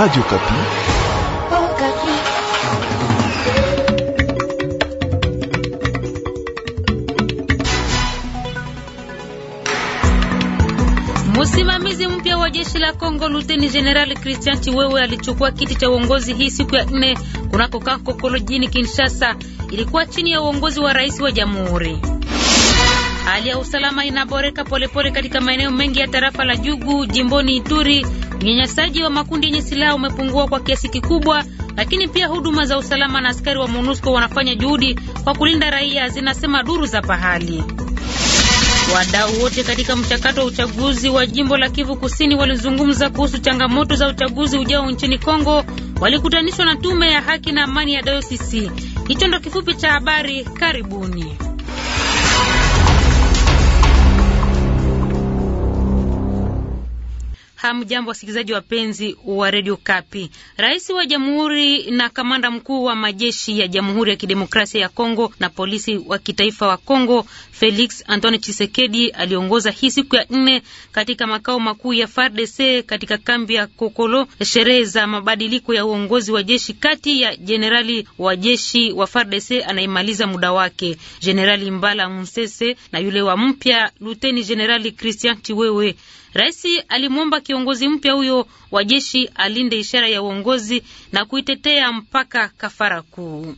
Radio Okapi. Msimamizi mpya wa jeshi la Kongo Luteni General Christian Chiwewe alichukua kiti cha uongozi hii siku ya nne kunako Kankokolo jijini Kinshasa. Ilikuwa chini ya uongozi wa rais wa jamhuri. Hali ya usalama inaboreka polepole katika maeneo mengi ya tarafa la Jugu jimboni Ituri Unyanyasaji wa makundi yenye silaha umepungua kwa kiasi kikubwa, lakini pia huduma za usalama na askari wa MONUSCO wanafanya juhudi kwa kulinda raia, zinasema duru za pahali. Wadau wote katika mchakato wa uchaguzi wa jimbo la Kivu Kusini walizungumza kuhusu changamoto za uchaguzi ujao nchini Kongo. Walikutanishwa na tume ya haki na amani ya dayosisi. Hicho ndo kifupi cha habari. Karibuni. Hamjambo wasikilizaji wapenzi wa redio Kapi. Rais wa jamhuri na kamanda mkuu wa majeshi ya Jamhuri ya Kidemokrasia ya Kongo na polisi wa kitaifa wa Kongo, Felix Antoine chisekedi aliongoza hii siku ya nne katika makao makuu ya FARDC katika kambi ya Kokolo sherehe za mabadiliko ya uongozi wa jeshi kati ya jenerali wa jeshi wa FARDC anayemaliza muda wake Jenerali Mbala Msese na yule wa mpya Luteni Jenerali Christian Tiwewe. Rais alimwomba kiongozi mpya huyo wa jeshi alinde ishara ya uongozi na kuitetea mpaka kafara kuu.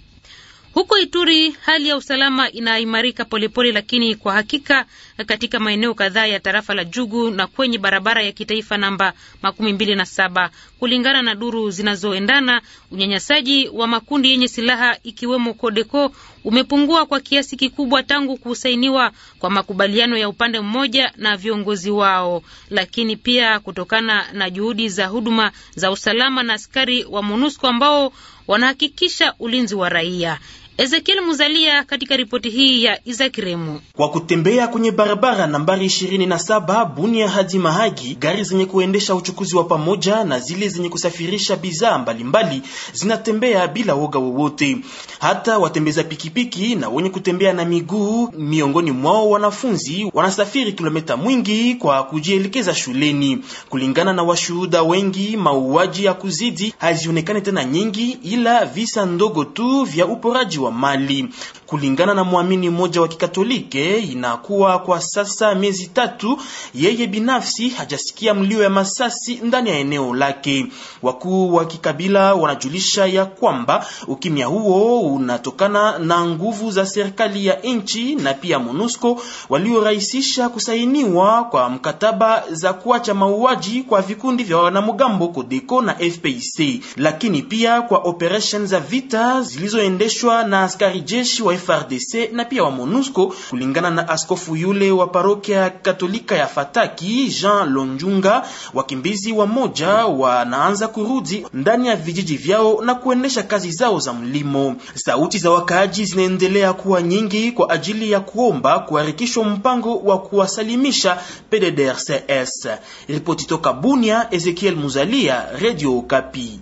Huko Ituri hali ya usalama inaimarika polepole, lakini kwa hakika katika maeneo kadhaa ya tarafa la Jugu na kwenye barabara ya kitaifa namba makumi mbili na saba, kulingana na duru zinazoendana, unyanyasaji wa makundi yenye silaha ikiwemo Kodeko umepungua kwa kiasi kikubwa tangu kusainiwa kwa makubaliano ya upande mmoja na viongozi wao, lakini pia kutokana na juhudi za huduma za usalama na askari wa MONUSCO ambao wanahakikisha ulinzi wa raia. Ezekiel Muzalia katika ripoti hii ya Isaac Remu. Kwa kutembea kwenye barabara nambari 27 Bunia hadi Mahagi, gari zenye kuendesha uchukuzi wa pamoja na zile zenye kusafirisha bidhaa mbalimbali zinatembea bila woga wowote. Hata watembeza pikipiki na wenye kutembea na miguu, miongoni mwao wanafunzi, wanasafiri kilomita mwingi kwa kujielekeza shuleni. Kulingana na washuhuda wengi, mauaji ya kuzidi hazionekani tena nyingi, ila visa ndogo tu vya uporaji wa mali Kulingana na mwamini mmoja wa Kikatolike, inakuwa kwa sasa miezi tatu yeye binafsi hajasikia mlio ya masasi ndani ya eneo lake. Wakuu wa kikabila wanajulisha ya kwamba ukimya huo unatokana na nguvu za serikali ya nchi na pia MONUSCO waliorahisisha kusainiwa kwa mkataba za kuacha mauaji kwa vikundi vya wanamgambo Kodeko na FPIC, lakini pia kwa operation za vita zilizoendeshwa na askari jeshi wa wa FRDC na pia wa MONUSCO, kulingana na askofu yule wa parokia Katolika ya Fataki Jean Lonjunga. Wakimbizi wa moja wanaanza kurudi ndani ya vijiji vyao na kuendesha kazi zao za mlimo. Sauti za wakaaji zinaendelea kuwa nyingi kwa ajili ya kuomba kuharikishwa mpango wa kuwasalimisha PDDRCS. Ripoti toka Bunia, Ezekiel Muzalia, Radio Kapi.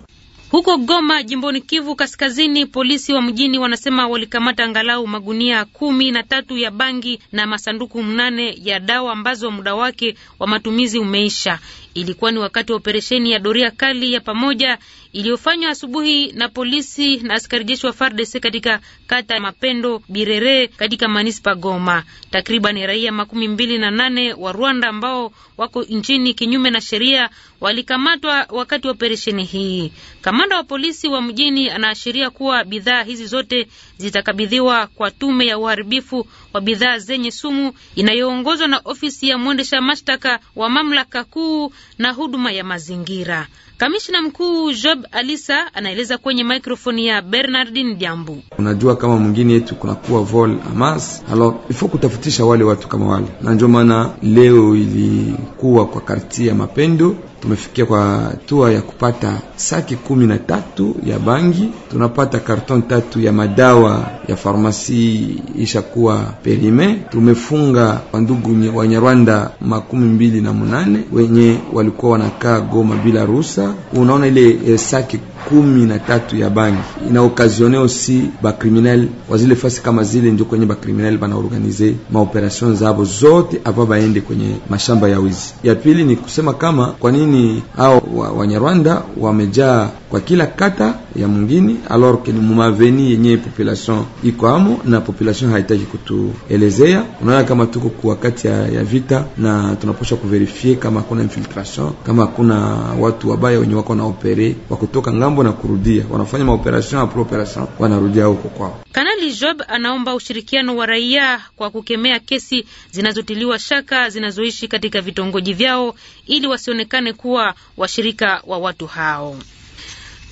Huko Goma, jimboni Kivu Kaskazini, polisi wa mjini wanasema walikamata angalau magunia kumi na tatu ya bangi na masanduku mnane ya dawa ambazo muda wake wa matumizi umeisha. Ilikuwa ni wakati wa operesheni ya doria kali ya pamoja iliyofanywa asubuhi na polisi na askari jeshi wa FARDC katika kata ya Mapendo Birere katika manispa Goma. Takriban raia makumi mbili na nane wa Rwanda ambao wako nchini kinyume na sheria walikamatwa wakati wa operesheni hii. Kamanda wa polisi wa mjini anaashiria kuwa bidhaa hizi zote zitakabidhiwa kwa tume ya uharibifu wa bidhaa zenye sumu inayoongozwa na ofisi ya mwendesha mashtaka wa mamlaka kuu na huduma ya mazingira. Kamishna mkuu Job Alisa anaeleza kwenye mikrofoni ya Bernardin Jambu. Unajua, kama mwingine yetu kunakuwa vol amas alo ifo kutafutisha wale watu kama wale, na ndio maana leo ilikuwa kwa karti ya Mapendo tumefikia kwa hatua ya kupata saki kumi na tatu ya bangi, tunapata karton tatu ya madawa ya farmasi ishakuwa perime. Tumefunga wandugu Wanyarwanda makumi mbili na munane wenye walikuwa wanakaa Goma bila ruhusa. Unaona ile eh, saki kumi na tatu ya bangi ina okazione osi bakriminel wazile fasi kama zile, ndio kwenye bakriminel banaorganize maoperasyon zabo zote ava baende kwenye mashamba ya wizi. Ya pili ni kusema kama kwa nini hao Wanyarwanda wamejaa kwa kila kata ya mungini alors que ni mumaveni yenye population iko amo na population haitaki kutuelezea. Unaona kama tuko kwa ya, ya vita na tunaposha kuverifie kama hakuna infiltration, kama hakuna watu wabaya wenye wako na opere wa kutoka ngambo na kurudia, wanafanya maoperation apre operation wanarudia huko kwao. Kanali Job anaomba ushirikiano wa raia kwa kukemea kesi zinazotiliwa shaka zinazoishi katika vitongoji vyao ili wasionekane kuwa washirika wa watu hao.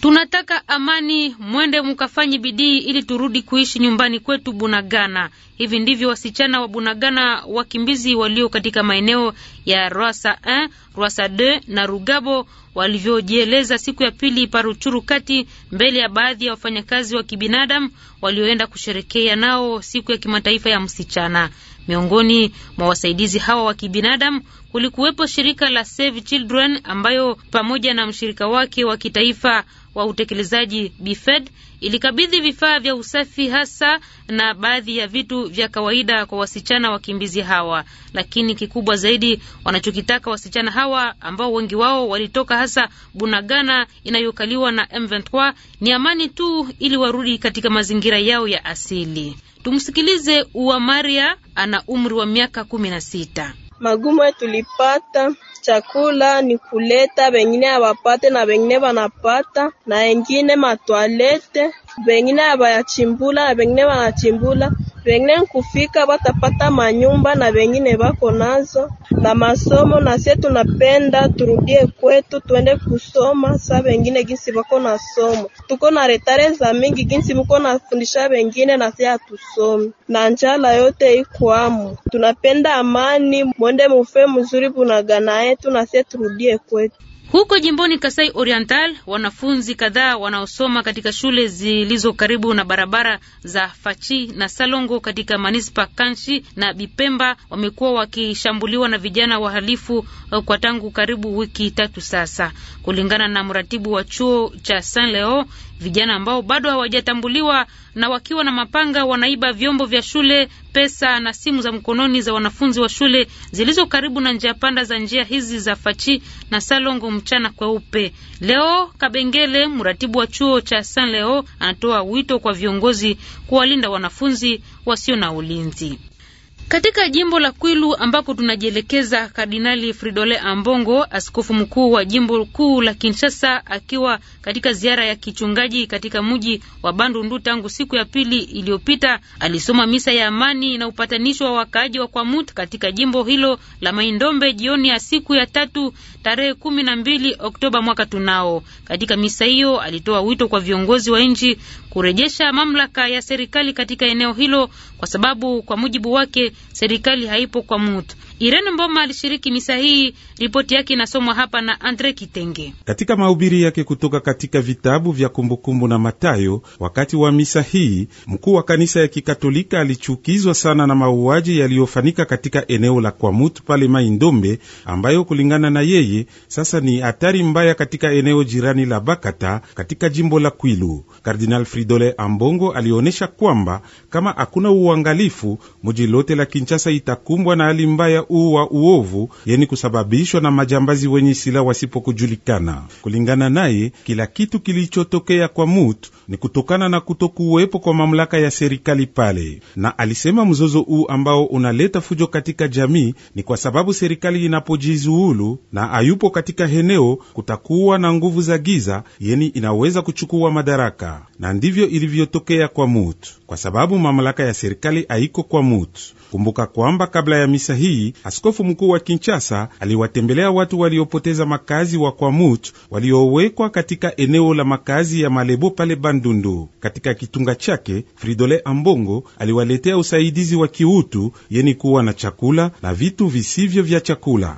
Tunataka amani, mwende mkafanye bidii ili turudi kuishi nyumbani kwetu Bunagana. Hivi ndivyo wasichana wa Bunagana wakimbizi walio katika maeneo ya Rwasa 1, Rwasa 2 na Rugabo walivyojieleza siku ya pili Paruchuru kati mbele ya baadhi ya wafanyakazi wa kibinadamu walioenda kusherekea nao siku ya kimataifa ya msichana. Miongoni mwa wasaidizi hawa wa kibinadamu kulikuwepo shirika la Save Children ambayo pamoja na mshirika wake wa kitaifa wa utekelezaji BIFED ilikabidhi vifaa vya usafi hasa na baadhi ya vitu vya kawaida kwa wasichana wakimbizi hawa. Lakini kikubwa zaidi wanachokitaka wasichana hawa ambao wengi wao walitoka hasa Bunagana inayokaliwa na M23 ni amani tu, ili warudi katika mazingira yao ya asili. Tumsikilize. Uwa Maria ana umri wa miaka kumi na sita. Magumu tulipata chakula ni kuleta, wengine hawapate na wengine wanapata, na wengine matwalete vengine avayachimbula na vengine banachimbula vengine nkufika batapata manyumba na vengine vako nazo na masomo. Na sie tunapenda turudie kwetu tuende kusoma sa vengine ginsi vako na somo, tuko na retare za mingi ginsi muko nafundisha vengine na sie hatusomi na njala yote ikwamu. Tunapenda amani, mwende mufe mzuri bunaga na yetu na sie turudie kwetu. Huko jimboni Kasai Oriental, wanafunzi kadhaa wanaosoma katika shule zilizo karibu na barabara za Fachi na Salongo katika manispa Kanshi na Bipemba wamekuwa wakishambuliwa na vijana wahalifu eh, kwa tangu karibu wiki tatu sasa, kulingana na mratibu wa chuo cha San Leo. Vijana ambao bado hawajatambuliwa na wakiwa na mapanga wanaiba vyombo vya shule, pesa na simu za mkononi za wanafunzi wa shule zilizo karibu na njia panda za njia hizi za Fachi na Salongo mchana kweupe. Leo Kabengele, mratibu wa chuo cha San Leo, anatoa wito kwa viongozi kuwalinda wanafunzi wasio na ulinzi. Katika jimbo la Kwilu ambapo tunajielekeza, Kardinali Fridole Ambongo, askofu mkuu wa jimbo kuu la Kinshasa, akiwa katika ziara ya kichungaji katika mji wa Bandundu tangu siku ya pili iliyopita, alisoma misa ya amani na upatanisho wa wakaaji wa Kwamut katika jimbo hilo la Maindombe jioni ya siku ya tatu tarehe kumi na mbili Oktoba mwaka tunao. Katika misa hiyo alitoa wito kwa viongozi wa nchi kurejesha mamlaka ya serikali katika eneo hilo, kwa sababu kwa mujibu wake serikali haipo kwa mutu. Irene Mboma alishiriki misa hii. Ripoti yake inasomwa hapa na Andre Kitenge. Katika mahubiri yake kutoka katika vitabu vya Kumbukumbu na Matayo, wakati wa misa hii, mkuu wa kanisa ya Kikatolika alichukizwa sana na mauaji yaliyofanyika katika eneo la Kwamutu pale Maindombe, ambayo kulingana na yeye sasa ni hatari mbaya katika eneo jirani la Bakata katika jimbo la Kwilu. Kardinal Fridole Ambongo alionyesha kwamba kama hakuna uangalifu, mji lote la la Kinshasa itakumbwa na hali mbaya uu wa uovu, yani kusababishwa na majambazi wenye sila wasipokujulikana. Kulingana naye, kila kitu kilichotokea kwa Mutu ni kutokana na kutokuwepo kwa mamlaka ya serikali pale, na alisema mzozo uu ambao unaleta fujo katika jamii ni kwa sababu serikali inapojizuulu na ayupo katika eneo, kutakuwa na nguvu za giza yeni inaweza kuchukua madaraka, na ndivyo ilivyotokea kwa Mutu kwa sababu mamlaka ya serikali haiko kwa Mutu. Kumbuka kwamba kabla ya misa hii askofu mkuu wa Kinshasa aliwatembelea watu waliopoteza makazi wa Kwamut waliowekwa katika eneo la makazi ya Malebo pale Bandundu. Katika kitunga chake, Fridole Ambongo aliwaletea usaidizi wa kiutu yeni kuwa na chakula na vitu visivyo vya chakula.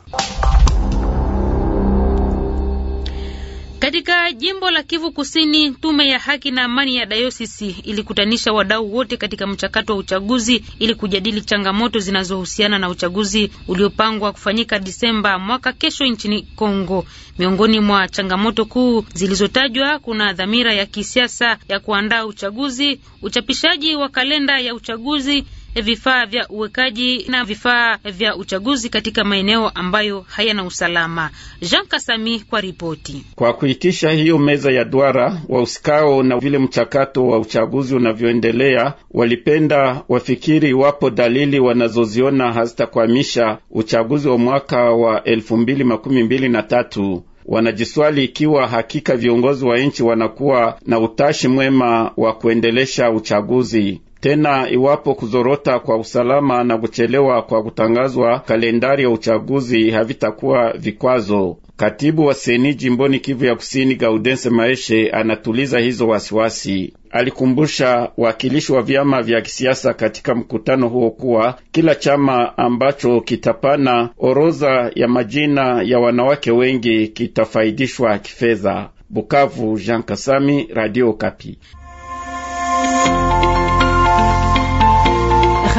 jimbo la Kivu Kusini, tume ya haki na amani ya dayosisi ilikutanisha wadau wote katika mchakato wa uchaguzi ili kujadili changamoto zinazohusiana na uchaguzi uliopangwa kufanyika Disemba mwaka kesho nchini Kongo. Miongoni mwa changamoto kuu zilizotajwa kuna dhamira ya kisiasa ya kuandaa uchaguzi, uchapishaji wa kalenda ya uchaguzi vifaa vya uwekaji na vifaa vya uchaguzi katika maeneo ambayo hayana usalama. Jean Kasami kwa ripoti. Kwa kuitisha hiyo meza ya duara, wausikao na vile mchakato wa uchaguzi unavyoendelea, walipenda wafikiri iwapo dalili wanazoziona hazitakwamisha uchaguzi wa mwaka wa elfu mbili makumi mbili na tatu. Wanajiswali ikiwa hakika viongozi wa nchi wanakuwa na utashi mwema wa kuendelesha uchaguzi. Tena iwapo kuzorota kwa usalama na kuchelewa kwa kutangazwa kalendari ya uchaguzi havitakuwa vikwazo. Katibu wa seni jimboni Kivu ya Kusini, Gaudense Maeshe, anatuliza hizo wasiwasi. Alikumbusha wakilishi wa vyama vya kisiasa katika mkutano huo kuwa kila chama ambacho kitapana orodha ya majina ya wanawake wengi kitafaidishwa kifedha. Bukavu, Jean Kasami, Radio Kapi.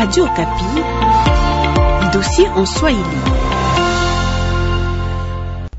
Radio Okapi, dossier en Swahili.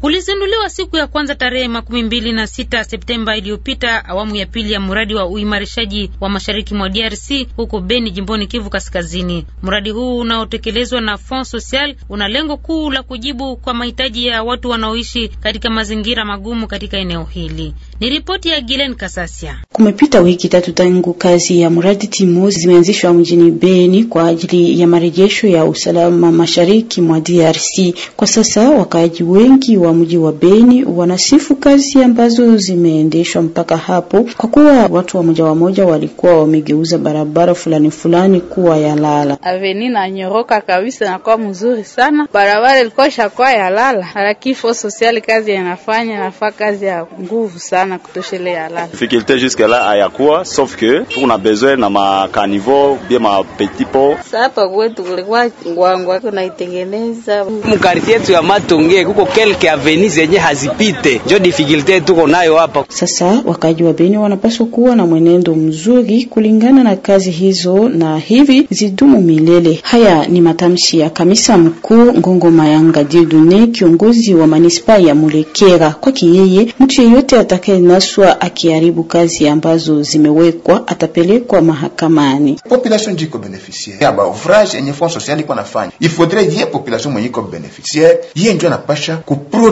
Kulizinduliwa siku ya kwanza tarehe makumi mbili na sita Septemba iliyopita awamu ya pili ya mradi wa uimarishaji wa mashariki mwa DRC huko Beni, jimboni Kivu Kaskazini. Mradi huu unaotekelezwa na Fond Social una lengo kuu la kujibu kwa mahitaji ya watu wanaoishi katika mazingira magumu katika eneo hili. Ni ripoti ya Gilen Kasasia. Kumepita wiki tatu tangu kazi ya mradi timu zimeanzishwa mjini Beni kwa ajili ya marejesho ya usalama mashariki mwa DRC. Kwa sasa wakaaji wengi wa wa mji wa Beni wanasifu kazi ambazo zimeendeshwa mpaka hapo, kwa kuwa watu wa moja wa moja walikuwa wamegeuza barabara fulani fulani kuwa ya lala. Aveni na nyoroka kabisa inakuwa mzuri sana, barabara ilikuwa ishakuwa yalala, lakini fo sosiali kazi yanafanya nafaa kazi ya nguvu sana kutoshele lala fikilte jusque la ayakuwa sauf que tuna besoin na makanivo bien ma petit po sapa kwetu kulikuwa ngwangwa tunaitengeneza mkartie yetu ya matonge kuko kelke aveni zenye hazipite, njo difikulte tuko nayo hapa sasa. Wakaji wa Beni wanapaswa kuwa na mwenendo mzuri kulingana na kazi hizo, na hivi zidumu milele. Haya ni matamshi ya kamisa mkuu Ngongo Mayanga Dieudonne, kiongozi wa manispaa ya Mulekera. Kwake yeye, mtu yeyote atakayenaswa akiharibu kazi ambazo zimewekwa atapelekwa mahakamani. Population jiko beneficiaire ya baouvrage yenye fond social iko nafanya, faudrait ye population mwenye iko beneficiaire, yeye ndio anapasha kupru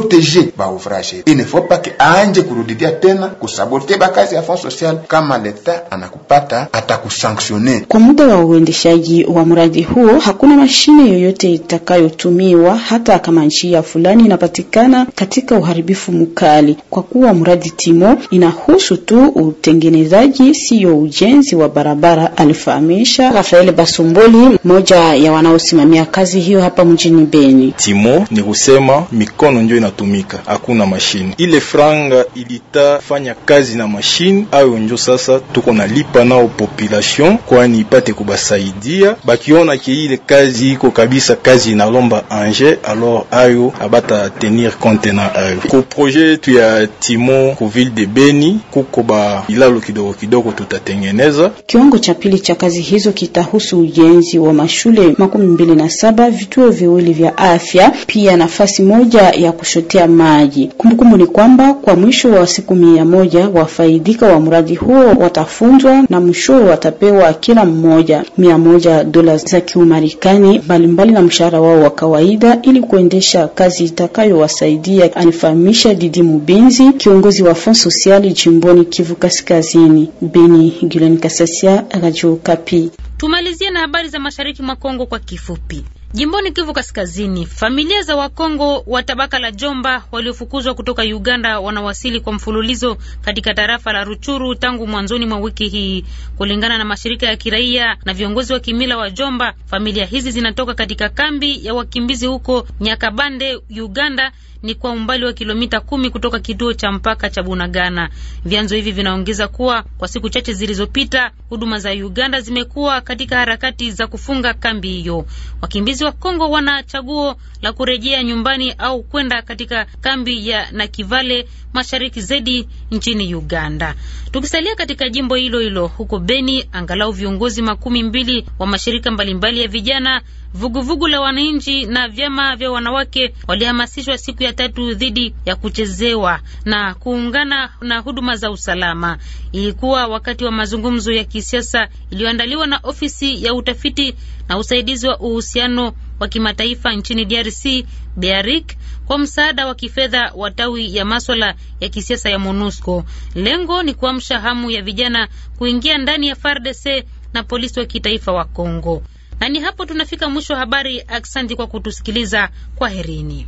ne faut pas que anje kurudilia tena kusabote bakazi ya fond social, kama leta anakupata atakusanktione. Kwa muda wa uendeshaji wa mradi huo, hakuna mashine yoyote itakayotumiwa hata kama njia fulani inapatikana katika uharibifu mkali, kwa kuwa mradi timo inahusu tu utengenezaji, siyo ujenzi wa barabara, alifahamisha Rafael Basumboli, moja ya wanaosimamia kazi hiyo hapa mjini Beni. Timo ni kusema mikono ndio inatumika, hakuna mashine. Ile franga ilitafanya kazi na mashine ayo, njo sasa tuko nalipa nao population, kwani ipate kubasaidia bakiona ke ile kazi iko kabisa, kazi inalomba anje, alors ayo abata tenir compte na ayo. Ku projet yetu ya timo ku ville de Beni kuko ba ilalo kidogo kidogo tutatengeneza. Kiwango cha pili cha kazi hizo kitahusu ujenzi wa mashule makumi mbili na saba, vituo viwili vya afya, pia nafasi moja ya kuchotea maji. Kumbukumbu ni kwamba kwa mwisho wa siku mia moja wafaidika wa mradi huo watafunzwa na mwisho watapewa kila mmoja mia moja dola za Kiumarekani mbalimbali na mshahara wao wa kawaida ili kuendesha kazi itakayowasaidia, alifahamisha Didi Mubenzi, kiongozi wa Fond Sociali jimboni Kivu Kaskazini. Beni Gilani Kasasia, Radio Kapi. Tumalizie na habari za mashariki mwa Kongo kwa kifupi. Jimboni Kivu Kaskazini, familia za Wakongo wa tabaka la Jomba waliofukuzwa kutoka Uganda wanawasili kwa mfululizo katika tarafa la Ruchuru tangu mwanzoni mwa wiki hii. Kulingana na mashirika ya kiraia na viongozi wa kimila wa Jomba, familia hizi zinatoka katika kambi ya wakimbizi huko Nyakabande, Uganda ni kwa umbali wa kilomita kumi kutoka kituo cha mpaka cha Bunagana. Vyanzo hivi vinaongeza kuwa kwa siku chache zilizopita, huduma za Uganda zimekuwa katika harakati za kufunga kambi hiyo. Wakimbizi wa Kongo wana chaguo la kurejea nyumbani au kwenda katika kambi ya Nakivale mashariki zaidi nchini Uganda. Tukisalia katika jimbo hilo hilo, huko Beni, angalau viongozi makumi mbili wa mashirika mbalimbali ya vijana vuguvugu vugu la wananchi na vyama vya wanawake walihamasishwa siku ya tatu dhidi ya kuchezewa na kuungana na huduma za usalama. Ilikuwa wakati wa mazungumzo ya kisiasa iliyoandaliwa na ofisi ya utafiti na usaidizi wa uhusiano wa kimataifa nchini DRC BEARIC kwa msaada wa kifedha wa tawi ya maswala ya kisiasa ya MONUSCO. Lengo ni kuamsha hamu ya vijana kuingia ndani ya FARDC na polisi wa kitaifa wa congo na ni hapo tunafika mwisho wa habari. Aksanti kwa kutusikiliza, kwaherini.